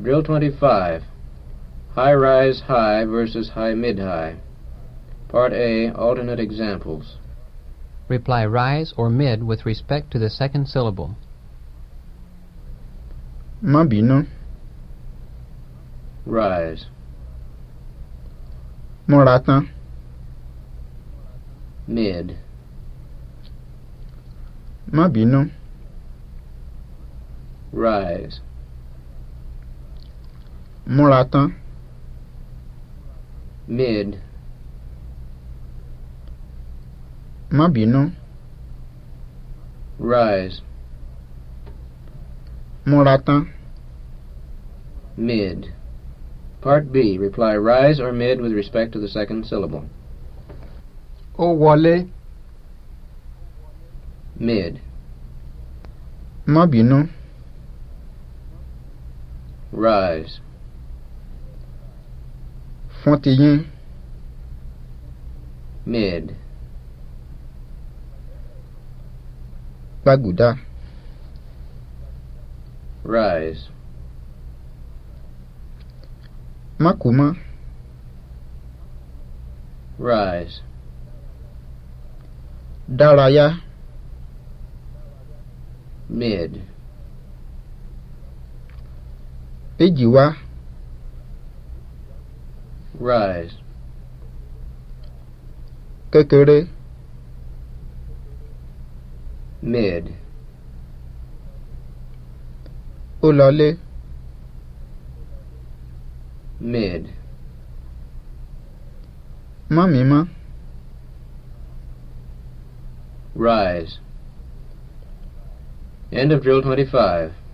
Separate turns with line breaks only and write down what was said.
Drill 25 High Rise High versus High Mid High. Part A Alternate Examples. Reply rise or mid with respect to the second syllable. Mabino. Rise. Morata. Mid. Mabino. Rise múra mid. mabino rise. múra mid. Part B. Reply rise or mid with respect to the second syllable. ó wale. mid.
mabino
rise. fún ti mid. gbàgùdà. rise. Makuma, rise.
dárayá.
mid. èjì rise. Kékeré mid. Ulale mid. Mamima rise. End of drill 25.